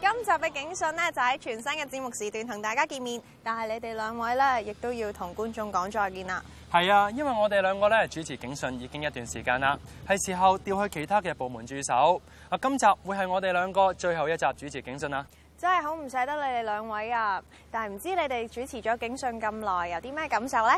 今集嘅警訊咧，就喺全新嘅節目時段同大家見面，但係你哋兩位咧，亦都要同觀眾講再見啦。係啊，因為我哋兩個咧主持警訊已經一段時間啦，係時候調去其他嘅部門駐守。啊，今集會係我哋兩個最後一集主持警訊啦。真係好唔捨得你哋兩位啊！但係唔知你哋主持咗警訊咁耐，有啲咩感受呢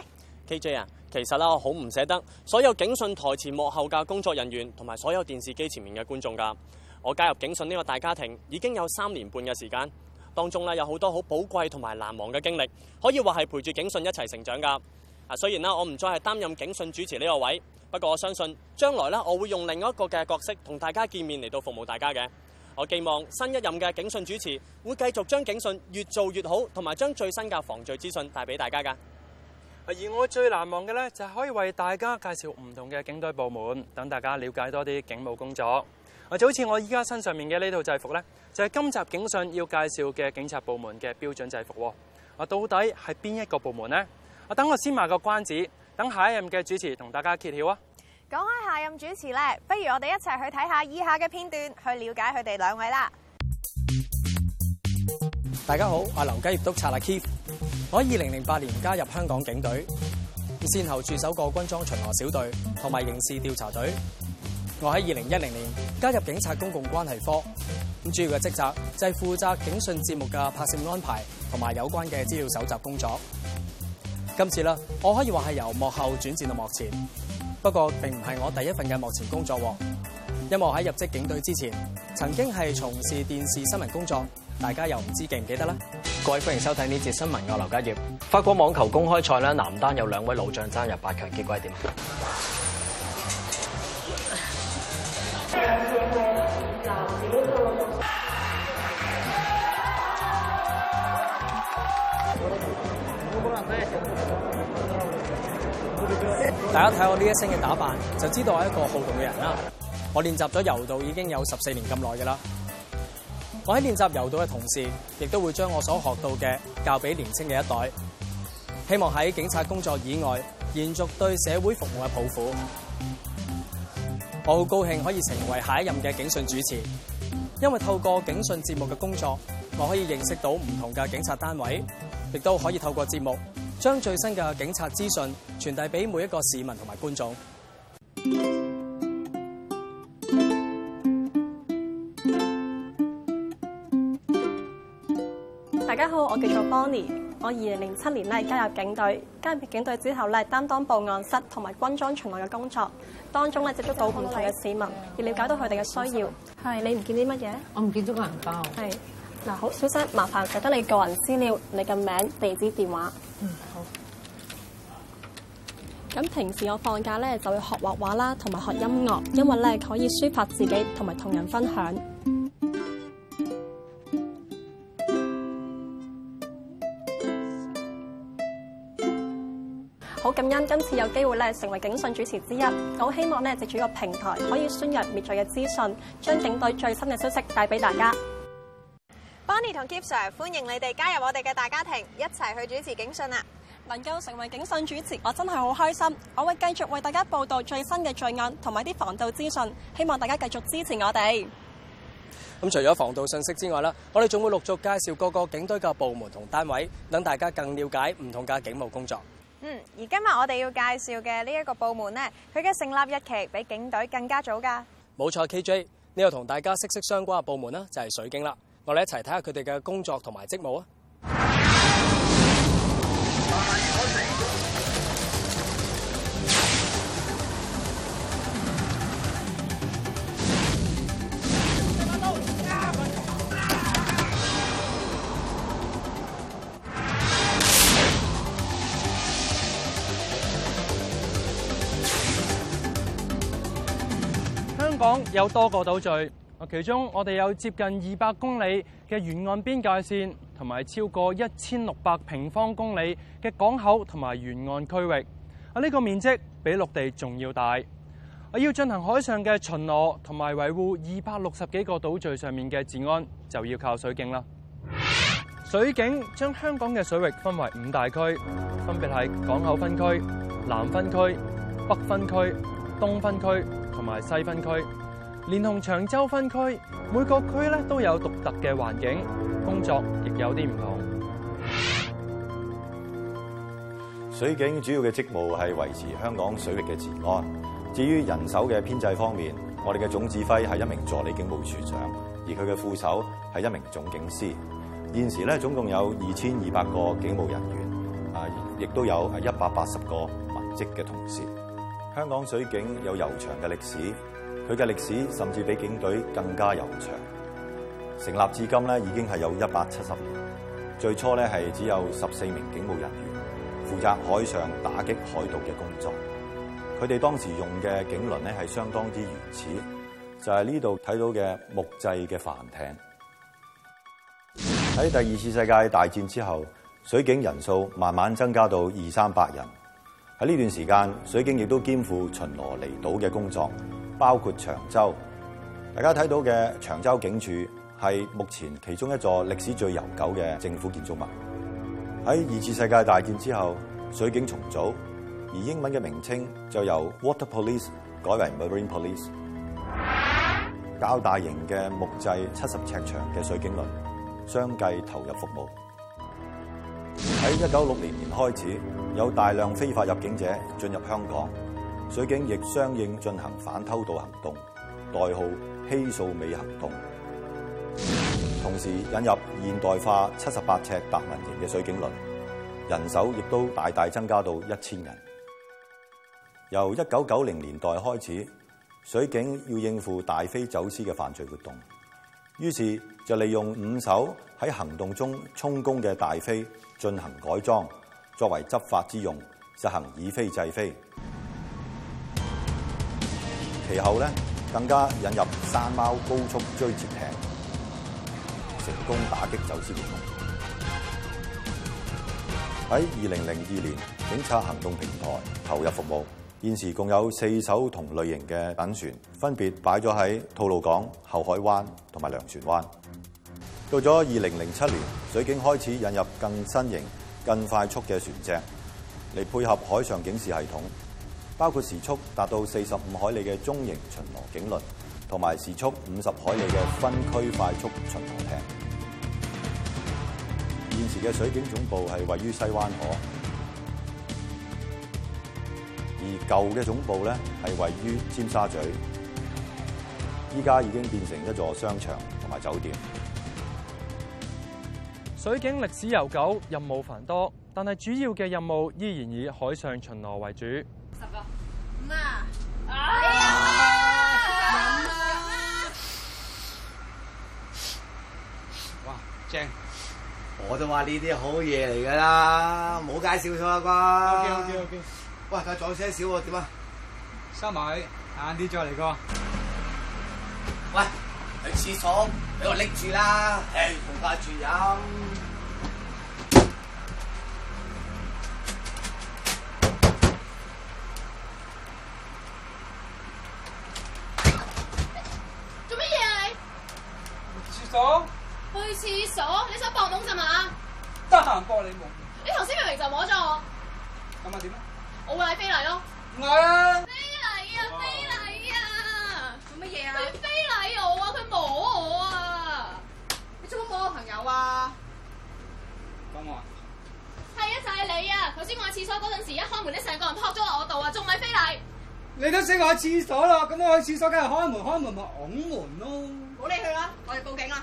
？KJ 啊，其實我好唔捨得，所有警訊台前幕後嘅工作人員同埋所有電視機前面嘅觀眾噶。我加入警訊呢個大家庭已經有三年半嘅時間，當中呢，有好多好寶貴同埋難忘嘅經歷，可以話係陪住警訊一齊成長噶。啊，雖然我唔再係擔任警訊主持呢個位，不過我相信將來我會用另外一個嘅角色同大家見面嚟到服務大家嘅。我寄望新一任嘅警訊主持會繼續將警訊越做越好，同埋將最新嘅防罪資訊帶俾大家噶。而我最難忘嘅呢，就係、是、可以為大家介紹唔同嘅警隊部門，等大家了解多啲警務工作。就好似我依家身上面嘅呢套制服咧，就係今集警訊要介紹嘅警察部門嘅標準制服。啊，到底係邊一個部門呢？啊，等我先賣個關子，等下一任嘅主持同大家揭曉啊！講開下任主持咧，不如我哋一齊去睇下以下嘅片段，去了解佢哋兩位啦。大家好，我係劉基業督察阿 Keith，我二零零八年加入香港警隊，先後駐守過軍裝巡邏小隊同埋刑事調查隊。我喺二零一零年加入警察公共關係科，咁主要嘅職責就係負責警訊節目嘅拍攝安排同埋有關嘅資料搜集工作。今次啦，我可以話係由幕後轉戰到幕前，不過並唔係我第一份嘅幕前工作。因為我喺入職警隊之前，曾經係從事電視新聞工作，大家又唔知記唔記得呢？各位歡迎收睇呢節新聞，我係劉家業。法國網球公開賽咧，男單有兩位老將爭入八強，結果係點？大家睇我呢一身嘅打扮，就知道我係一個好動嘅人啦。我練習咗柔道已經有十四年咁耐㗎啦。我喺練習柔道嘅同時，亦都會將我所學到嘅教俾年輕嘅一代，希望喺警察工作以外，延續對社會服務嘅抱負。我好高興可以成為下一任嘅警訊主持，因為透過警訊節目嘅工作，我可以認識到唔同嘅警察單位，亦都可以透過節目，將最新嘅警察資訊傳遞俾每一個市民同埋觀眾。大家好，我叫做 Bonnie，我二零零七年咧加入警隊，加入警隊之後咧擔當報案室同埋軍裝巡邏嘅工作，當中咧接觸到唔同嘅市民，要了解到佢哋嘅需要。係，你唔見啲乜嘢？我唔見咗個銀包。係。嗱好，小姐，麻煩寫得你個人資料，你嘅名、地址、電話。嗯，好。咁平時我放假咧，就會學畫畫啦，同埋學音樂，因為咧可以抒發自己，同埋同人分享。好感恩今次有機會咧成為警訊主持之一，我好希望咧藉住個平台，可以宣揚滅罪嘅資訊，將警隊最新嘅消息帶俾大家。Bonnie 同 Kip Sir，歡迎你哋加入我哋嘅大家庭，一齊去主持警訊啦！能夠成為警訊主持，我真係好開心。我會繼續為大家報道最新嘅罪案同埋啲防盜資訊，希望大家繼續支持我哋。咁除咗防盜信息之外啦，我哋仲會陸續介紹各個警隊嘅部門同單位，等大家更了解唔同嘅警務工作。嗯，而今日我哋要介紹嘅呢一個部門呢，佢嘅成立日期比警隊更加早噶。冇錯，KJ 呢個同大家息息相關嘅部門呢，就係水警啦。我哋一齊睇下佢哋嘅工作同埋職務啊！香港有多個島嶼。其中我哋有接近二百公里嘅沿岸邊界線，同埋超過一千六百平方公里嘅港口同埋沿岸區域。啊，呢個面積比陸地仲要大。要進行海上嘅巡邏同埋維護二百六十幾個島嶼上面嘅治安，就要靠水警啦。水警將香港嘅水域分為五大區，分別係港口分區、南分區、北分區、東分區同埋西分區。連同長洲分區，每個區咧都有獨特嘅環境，工作亦有啲唔同。水警主要嘅職務係維持香港水域嘅治安。至於人手嘅編制方面，我哋嘅總指揮係一名助理警務處長，而佢嘅副手係一名總警司。現時咧總共有二千二百個警務人員，啊，亦都有一百八十個文職嘅同事。香港水警有悠長嘅歷史。佢嘅歷史甚至比警隊更加悠長。成立至今咧，已經係有一百七十年。最初咧係只有十四名警務人員負責海上打擊海盜嘅工作。佢哋當時用嘅警輪咧係相當之原始，就係呢度睇到嘅木製嘅帆艇。喺第二次世界大戰之後，水警人數慢慢增加到二三百人。喺呢段時間，水警亦都肩負巡邏離島嘅工作。包括長洲，大家睇到嘅長洲警署係目前其中一座歷史最悠久嘅政府建築物。喺二次世界大戰之後，水警重組，而英文嘅名稱就由 Water Police 改為 Marine Police。較大型嘅木製七十尺長嘅水警輪相繼投入服務。喺一九六零年開始，有大量非法入境者進入香港。水警亦相應進行反偷渡行動，代號希數美行動，同時引入現代化七十八尺達文型嘅水警輪，人手亦都大大增加到一千人。由一九九零年代開始，水警要應付大飛走私嘅犯罪活動，於是就利用五艘喺行動中充公嘅大飛進行改裝，作為執法之用，實行以飛制飛。其後咧，更加引入山貓高速追截艇，成功打擊走私活動。喺二零零二年，警察行動平台投入服務，現時共有四艘同類型嘅躉船，分別擺咗喺吐露港、後海灣同埋糧船灣。到咗二零零七年，水警開始引入更新型、更快速嘅船隻，嚟配合海上警示系統。包括時速達到四十五海里嘅中型巡邏警輪，同埋時速五十海里嘅分區快速巡邏艇。現時嘅水警總部係位於西灣河，而舊嘅總部咧係位於尖沙咀，依家已經變成了一座商場同埋酒店。水警歷史悠久，任務繁多，但係主要嘅任務依然以海上巡邏為主。十個唔嘛，啊！哇，正！我都話呢啲好嘢嚟噶啦，冇介紹錯啩。好嘅，好嘅，好嘅。哇，仲有聲少喎，點啊？收埋，晏啲再嚟過。喂，去廁所俾我拎住啦，唉，同價住飲。你頭先明明就摸咗我，咁又點咧？我會禮非禮咯，唔係啊！非禮啊！非禮啊！做乜嘢啊？佢非禮我啊！佢摸我啊！你做乜摸我朋友啊？幫我啊！係啊！就係你啊！頭先我喺廁所嗰陣時，一開門，你成個人撲咗落我度啊！仲咪非禮？你都死我喺廁所咯，咁我去廁所梗係開門，開門咪拱門咯！冇理佢啦，我哋報警啦！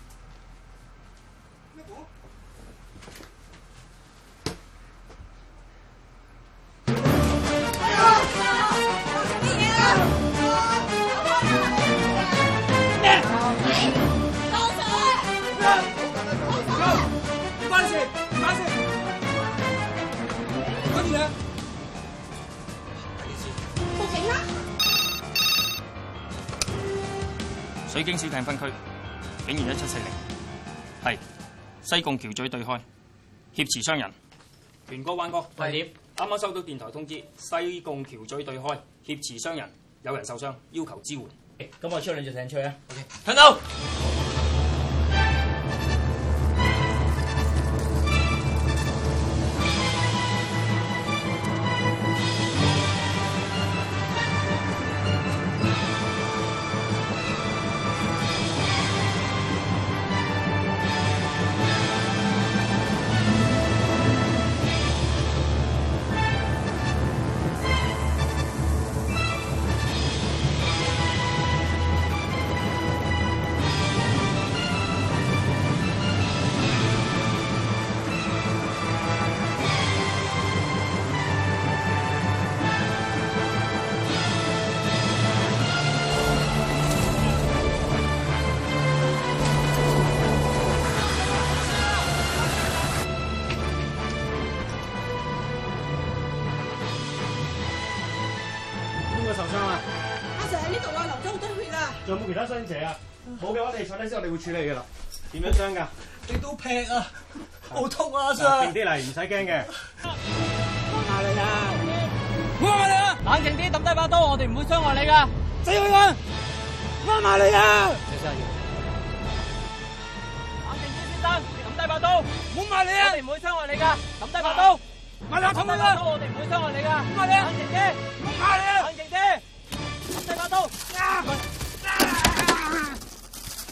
水警小艇分區，警號一七四零，係西貢橋咀對開，挾持傷人。團哥、彎哥，危險是！啱啱收到電台通知，西貢橋咀對開挾持傷人。團哥、彎哥喂，險啱啱收到電台通知，西貢橋咀對開挾持傷人，有人受傷，要求支援。咁、欸、我出去兩隻艇出去啊！o k 聽到。好動仲有冇其他傷者啊？冇嘅話，你坐低先，我哋會處理㗎啦。點樣傷噶？你都劈啊，好痛啊！阿 Sir，靜啲嚟，唔使驚嘅。我罵你啊！我罵你啊！冷靜啲，抌低把刀，我哋唔會傷害你噶。死女人！我埋你啊！冷靜啲，先生，抌低把刀。我埋你啊！我哋唔會傷害你噶。抌低把刀。我哋唔會傷害你噶。我罵你。冷靜啲。好罵你啊！冷靜啲。抌低把刀。我啊，冷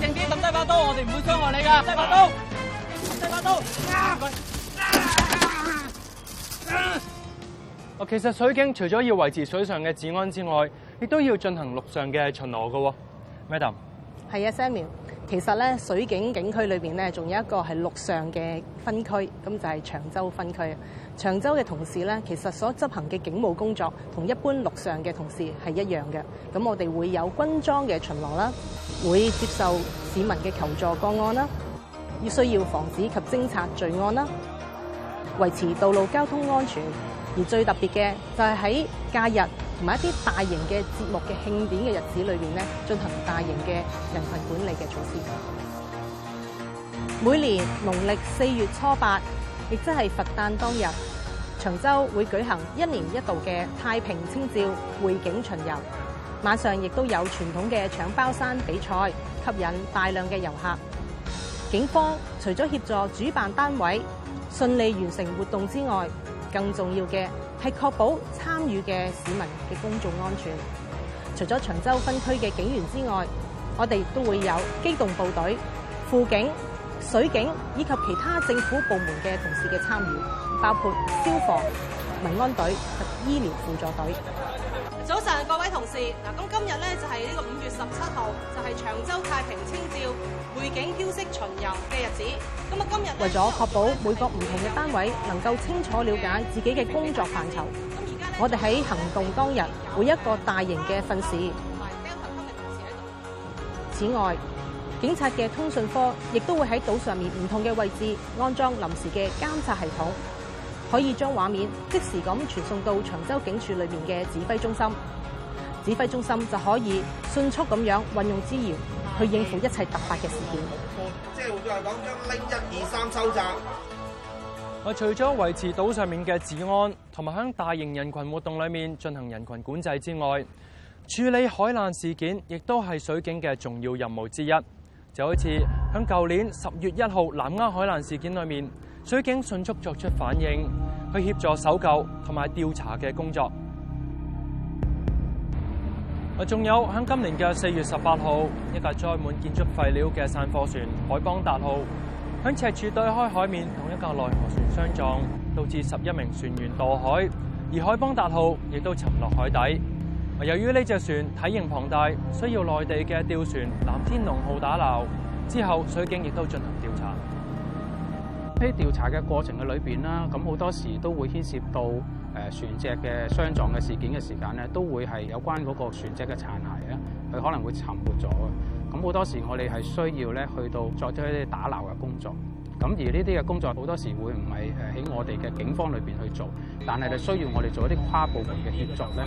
靜啲，抌低把刀，我哋唔會傷害你噶，抌低把刀。其實水警除咗要維持水上嘅治安之外，亦都要進行陸上嘅巡邏噶，Madam。係啊，Samuel。其實咧，水警警區裏邊咧，仲有一個係陸上嘅分區，咁就係長洲分區。長洲嘅同事咧，其實所執行嘅警務工作同一般陸上嘅同事係一樣嘅。咁我哋會有軍裝嘅巡邏啦，會接受市民嘅求助個案啦，要需要防止及偵察罪案啦，維持道路交通安全。而最特別嘅就係喺假日同埋一啲大型嘅節目嘅慶典嘅日子裏面咧，進行大型嘅人羣管理嘅措施。每年農曆四月初八，亦即係佛誕當日，長洲會舉行一年一度嘅太平清醮會景巡遊，晚上亦都有傳統嘅搶包山比賽，吸引大量嘅遊客。警方除咗協助主辦單位順利完成活動之外，更重要嘅係確保參與嘅市民嘅公眾安全。除咗長洲分區嘅警員之外，我哋都會有機動部隊、輔警、水警以及其他政府部門嘅同事嘅參與，包括消防、民安隊及醫療輔助隊。早晨，各位同事，嗱，咁今日咧就係呢個五月十七號，就係長洲太平清醮會景飄色巡遊嘅日子。咁啊，今日為咗確保每個唔同嘅單位能夠清楚了解自己嘅工作範疇，咁而家我哋喺行動當日每一個大型嘅訓示同埋監察喺度。此外，警察嘅通訊科亦都會喺島上面唔同嘅位置安裝臨時嘅監察系統。可以將畫面即時咁傳送到長洲警署裏面嘅指揮中心，指揮中心就可以迅速咁樣運用資源去應付一切突發嘅事件。即係換句話講，將拎一二三收集。我除咗維持島上面嘅治安，同埋喺大型人群活動裏面進行人群管制之外，處理海難事件亦都係水警嘅重要任務之一。就好似喺舊年十月一號南丫海難事件裏面。水警迅速作出反應，去協助搜救同埋調查嘅工作。啊，仲有喺今年嘅四月十八號，一架載滿建築廢料嘅散貨船海邦達號，喺赤柱對開海面同一架內河船相撞，導致十一名船員墮海，而海邦達號亦都沉落海底。由於呢隻船體型龐大，需要內地嘅吊船藍天龍號打撈，之後水警亦都進行調查。喺調查嘅過程嘅裏邊啦，咁好多時都會牽涉到誒船隻嘅相撞嘅事件嘅時間咧，都會係有關嗰個船隻嘅殘骸咧，佢可能會沉沒咗嘅。咁好多時我哋係需要咧去到作一啲打撈嘅工作。咁而呢啲嘅工作好多時會唔係誒喺我哋嘅警方裏邊去做，但係就需要我哋做一啲跨部門嘅協作咧。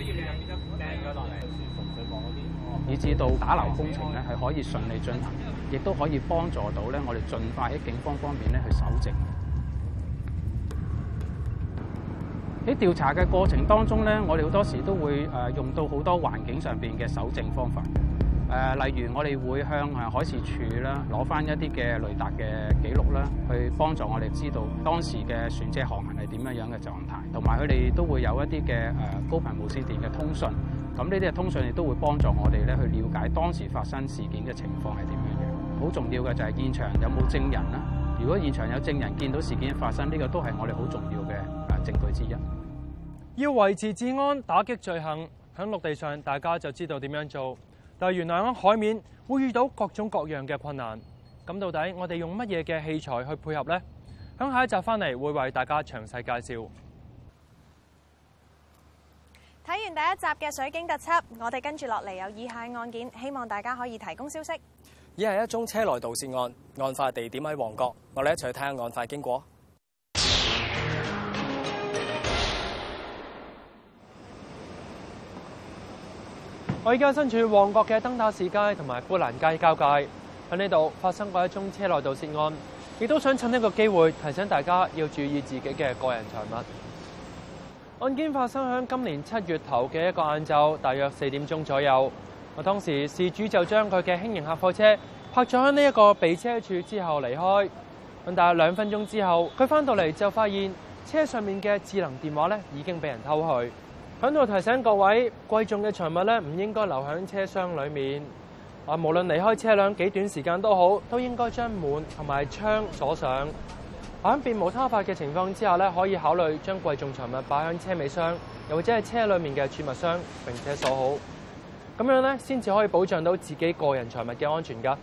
以至到打撈工程咧係可以順利進行，亦都可以幫助到咧我哋盡快喺警方方面咧去蒐證。喺調查嘅過程當中咧，我哋好多時都會誒用到好多環境上邊嘅蒐證方法。誒，例如我哋會向海事處啦攞翻一啲嘅雷達嘅記錄啦，去幫助我哋知道當時嘅船隻航行係點樣樣嘅狀態。同埋佢哋都會有一啲嘅誒高頻無線電嘅通訊。咁呢啲通常亦都會幫助我哋咧去了解當時發生事件嘅情況係點樣嘅。好重要嘅就係現場有冇證人啦。如果現場有證人見到事件發生，呢個都係我哋好重要嘅啊證據之一。要維持治安、打擊罪行，響陸地上大家就知道點樣做。但係原來響海面會遇到各種各樣嘅困難。咁到底我哋用乜嘢嘅器材去配合呢？響下一集翻嚟會為大家詳細介紹。睇完第一集嘅《水警特輯》，我哋跟住落嚟有以下案件，希望大家可以提供消息。以下一宗車內盜竊案，案發地點喺旺角。我哋一齊去睇下案發經過。我而家身處旺角嘅燈塔市街同埋富蘭街交界，喺呢度發生過一宗車內盜竊案，亦都想趁呢個機會提醒大家要注意自己嘅個人財物。案件發生喺今年七月頭嘅一個晏晝，大約四點鐘左右。啊，當時事主就將佢嘅輕型客貨車泊咗喺呢一個避車處之後離開。但係大約兩分鐘之後，佢翻到嚟就發現車上面嘅智能電話咧已經俾人偷去。響度提醒各位貴重嘅財物咧唔應該留喺車廂裡面。啊，無論離開車輛幾短時間都好，都應該將門同埋窗鎖上。喺別無他法嘅情況之下咧，可以考慮將貴重財物擺喺車尾箱，又或者係車裏面嘅儲物箱，並且鎖好。咁樣咧，先至可以保障到自己個人財物嘅安全噶。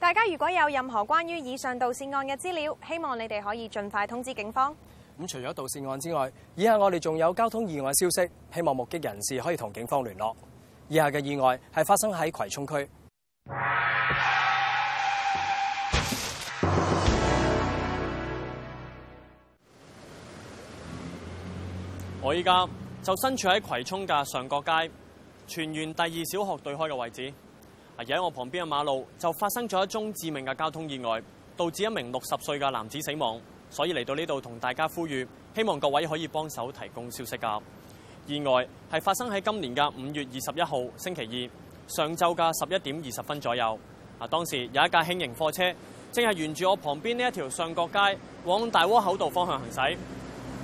大家如果有任何關於以上盜竊案嘅資料，希望你哋可以盡快通知警方。咁除咗盜竊案之外，以下我哋仲有交通意外消息，希望目擊人士可以同警方聯絡。以下嘅意外係發生喺葵涌區。我依家就身處喺葵涌嘅上角街全園第二小學對開嘅位置。而喺我旁邊嘅馬路就發生咗一宗致命嘅交通意外，導致一名六十歲嘅男子死亡。所以嚟到呢度同大家呼籲，希望各位可以幫手提供消息噶。意外係發生喺今年嘅五月二十一號星期二上晝嘅十一點二十分左右。啊，當時有一架輕型貨車正係沿住我旁邊呢一條上角街往大窩口道方向行駛。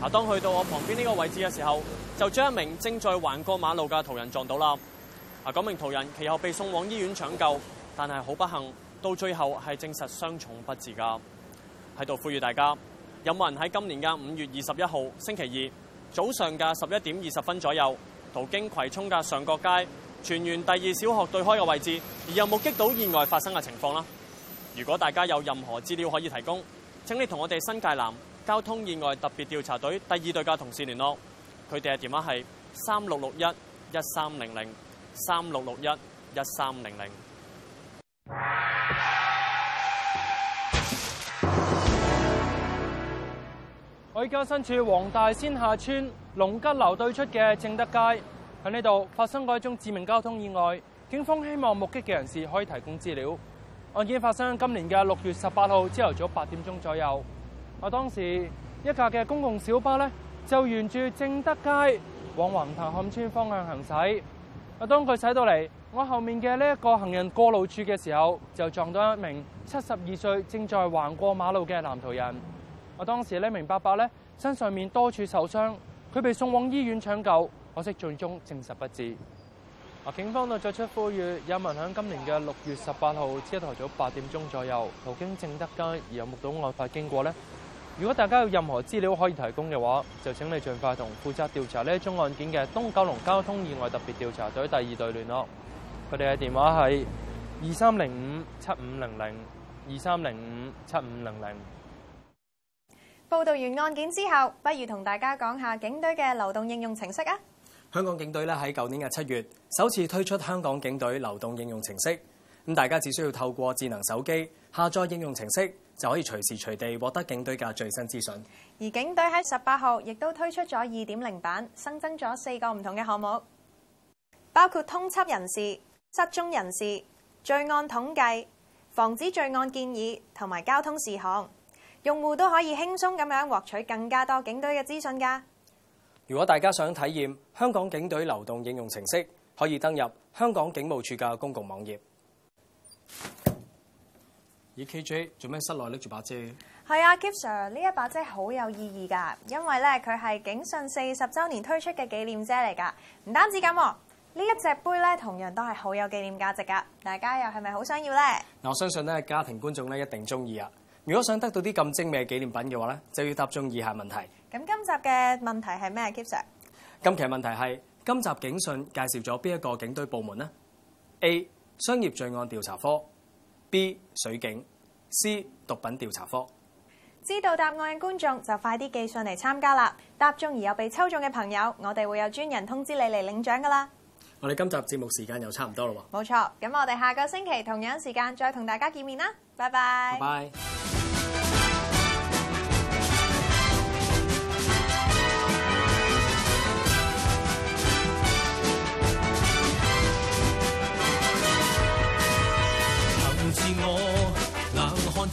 當去到我旁邊呢個位置嘅時候，就將一名正在橫過馬路嘅途人撞到啦。嗰名途人其後被送往醫院搶救，但係好不幸，到最後係證實傷重不治噶。喺度呼籲大家，有冇人喺今年嘅五月二十一號星期二早上嘅十一點二十分左右，途經葵涌嘅上角街全完第二小學對開嘅位置，而又目擊到意外發生嘅情況啦？如果大家有任何資料可以提供，請你同我哋新界南交通意外特別調查隊第二隊嘅同事聯絡，佢哋嘅電話係三六六一一三零零三六六一一三零零。00，我而家身處黃大仙下村龍吉樓對出嘅正德街，喺呢度發生過一宗致命交通意外，警方希望目擊嘅人士可以提供資料。案件發生今年嘅六月十八號朝頭早八點鐘左右。我當時一架嘅公共小巴咧，就沿住正德街往橫潭漢村方向行駛。啊，當佢駛到嚟我後面嘅呢一個行人過路處嘅時候，就撞到一名七十二歲正在橫過馬路嘅男途人。我當時呢名伯伯咧，身上面多處受傷，佢被送往醫院搶救，可惜最終證實不治。啊，警方就作出呼籲，有民響今年嘅六月十八號朝頭早八點鐘左右，途經正德街而有目睹案發經過呢如果大家有任何資料可以提供嘅話，就請你盡快同負責調查呢宗案件嘅東九龍交通意外特別調查隊第二隊聯絡。佢哋嘅電話係二三零五七五零零二三零五七五零零。報導完案件之後，不如同大家講下警隊嘅流動應用程式啊！香港警隊咧喺舊年嘅七月首次推出香港警隊流動應用程式。咁大家只需要透過智能手機下載應用程式。就可以隨時隨地獲得警隊嘅最新資訊。而警隊喺十八號亦都推出咗二點零版，新增咗四個唔同嘅項目，包括通緝人士、失蹤人士、罪案統計、防止罪案建議同埋交通事項。用戶都可以輕鬆咁樣獲取更加多警隊嘅資訊㗎。如果大家想體驗香港警隊流動應用程式，可以登入香港警務處嘅公共網頁。咦，KJ 做咩室內拎住把遮？係啊，Kip Sir，呢一把遮好有意義噶，因為咧佢係警訊四十週年推出嘅紀念遮嚟噶。唔單止咁，呢一隻杯咧同樣都係好有紀念價值噶。大家又係咪好想要咧？嗱，我相信咧家庭觀眾咧一定中意啊。如果想得到啲咁精美嘅紀念品嘅話咧，就要答中以下問題。咁今集嘅問題係咩？Kip Sir，今期問題係今集警訊介紹咗邊一個警隊部門呢？A、商業罪案調查科。B 水警。C 毒品調查科。知道答案嘅觀眾就快啲寄信嚟參加啦！答中而又被抽中嘅朋友，我哋會有專人通知你嚟領獎㗎喇。我哋今集節目時間又差唔多啦，冇錯。咁我哋下個星期同樣時間再同大家見面啦，拜拜。Bye bye